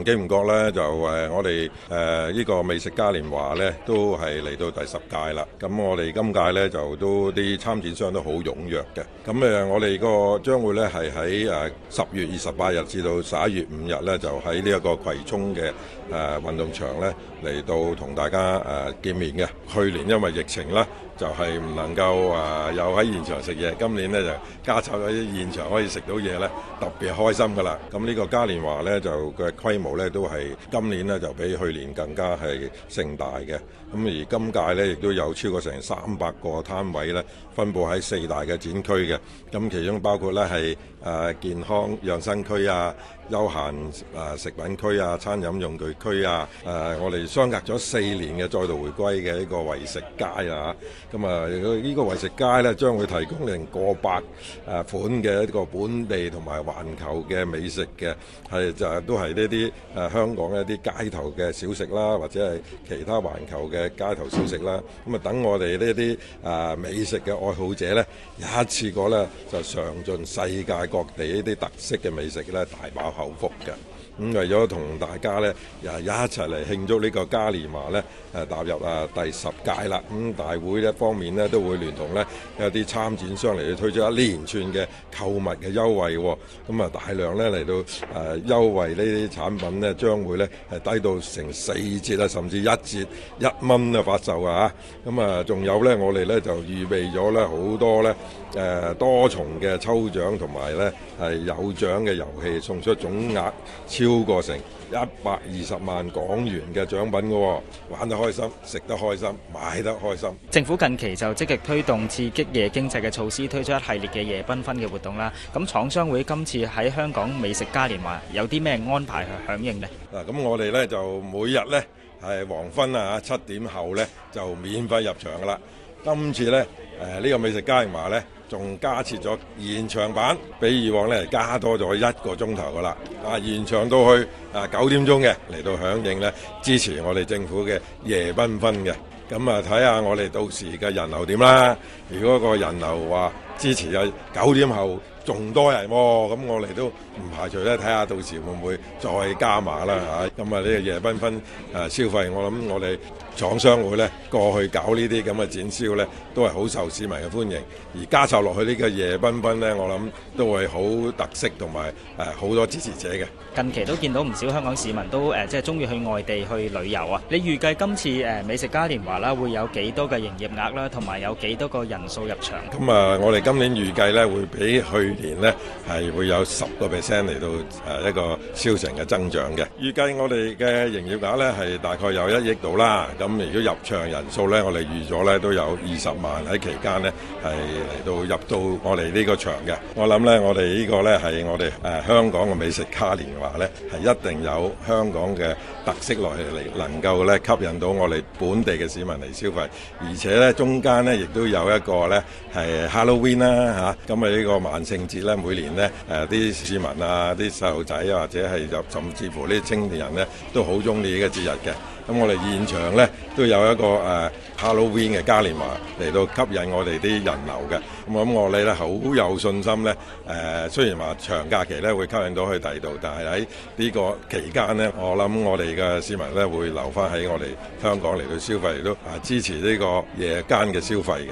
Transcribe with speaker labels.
Speaker 1: 唔經唔覺呢，就誒，我哋誒呢個美食嘉年華呢，都係嚟到第十屆啦。咁我哋今屆呢，就都啲參展商都好踴躍嘅。咁我哋個將會呢，係喺十月二十八日至到十一月五日呢，就喺呢一個葵涌嘅誒運動場呢，嚟到同大家誒見面嘅。去年因為疫情啦。就係唔能夠啊，又喺現場食嘢，今年呢，就加插喺現場可以食到嘢呢，特別開心㗎啦！咁呢個嘉年華呢，就嘅規模呢，都係今年呢，就比去年更加係盛大嘅。咁而今屆呢，亦都有超過成三百個攤位呢，分布喺四大嘅展區嘅。咁其中包括呢，係啊健康養生區啊、休閒食品區啊、餐飲用具區啊。誒，我哋相隔咗四年嘅再度回歸嘅呢個為食街啊！咁啊，呢個為食街咧，將會提供令過百誒款嘅一個本地同埋環球嘅美食嘅，係就係，都係呢啲誒香港一啲街頭嘅小食啦，或者係其他環球嘅街頭小食啦。咁啊，等我哋呢啲誒美食嘅愛好者咧，一次過咧就嘗盡世界各地呢啲特色嘅美食咧，大飽口福嘅。咁為咗同大家咧，又一齊嚟慶祝個呢個嘉年華咧，誒踏入啊第十屆啦。咁大會咧～一方面咧都會聯同咧有啲參展商嚟推出一連串嘅購物嘅優惠。哦，咁啊大量咧嚟到誒、呃、優惠呢啲產品咧，將會咧係低到成四折啊，甚至一折一蚊啊發售啊，咁啊仲有咧我哋咧就預備咗咧好多咧誒、呃、多重嘅抽獎同埋咧係有獎嘅遊戲，送出總額超過成一百二十萬港元嘅獎品嘅。哦，玩得開心，食得開心，買
Speaker 2: 得開心。政府。近期就積極推動刺激夜經濟嘅措施，推出一系列嘅夜繽紛嘅活動啦。咁廠商會今次喺香港美食嘉年華有啲咩安排去響應呢？
Speaker 1: 嗱，咁我哋咧就每日咧係黃昏啊，七點後咧就免費入場噶啦。今次咧誒呢個美食嘉年華咧，仲加設咗延長版，比以往咧加多咗一個鐘頭噶啦。啊，延長到去啊九點鐘嘅嚟到響應咧，支持我哋政府嘅夜繽紛嘅。咁啊，睇下我哋到時嘅人流點啦。如果個人流話，支持啊！九點後仲多人喎，咁我哋都唔排除咧，睇下到時會唔會再加碼啦嚇。咁啊，呢個夜繽紛誒消費，我諗我哋廠商會咧過去搞呢啲咁嘅展銷咧，都係好受市民嘅歡迎。而加湊落去呢個夜繽紛咧，我諗都會好特色，同埋誒好多支持者嘅。近期都見到唔少香港市民
Speaker 2: 都誒，即係中意去外地去旅遊啊！你預計今次誒美食嘉年華啦，會有幾多嘅營業額啦，同埋有幾多個人數入場？
Speaker 1: 咁啊，我哋今今年預計咧會比去年咧係會有十個 percent 嚟到誒一個銷成嘅增長嘅。預計我哋嘅營業額咧係大概有一億度啦。咁如果入場人數咧，我哋預咗咧都有二十萬喺期間咧係嚟到入到我哋呢個場嘅。我諗咧，我哋呢個咧係我哋誒香港嘅美食嘉年華咧係一定有香港嘅特色落嚟嚟，能夠咧吸引到我哋本地嘅市民嚟消費，而且咧中間咧亦都有一個咧係 Halloween。咁啊呢個萬聖節呢，每年呢啲、啊、市民啊、啲細路仔或者係入，甚至乎啲青年人呢，都好中意呢個節日嘅。咁我哋現場呢，都有一個誒、啊、Halloween 嘅嘉年華嚟到吸引我哋啲人流嘅。咁我我哋咧好有信心呢，誒、啊，雖然話長假期呢會吸引到去第二度，但係喺呢個期間呢，我諗我哋嘅市民呢，會留翻喺我哋香港嚟到消費，亦都啊支持呢個夜間嘅消費嘅。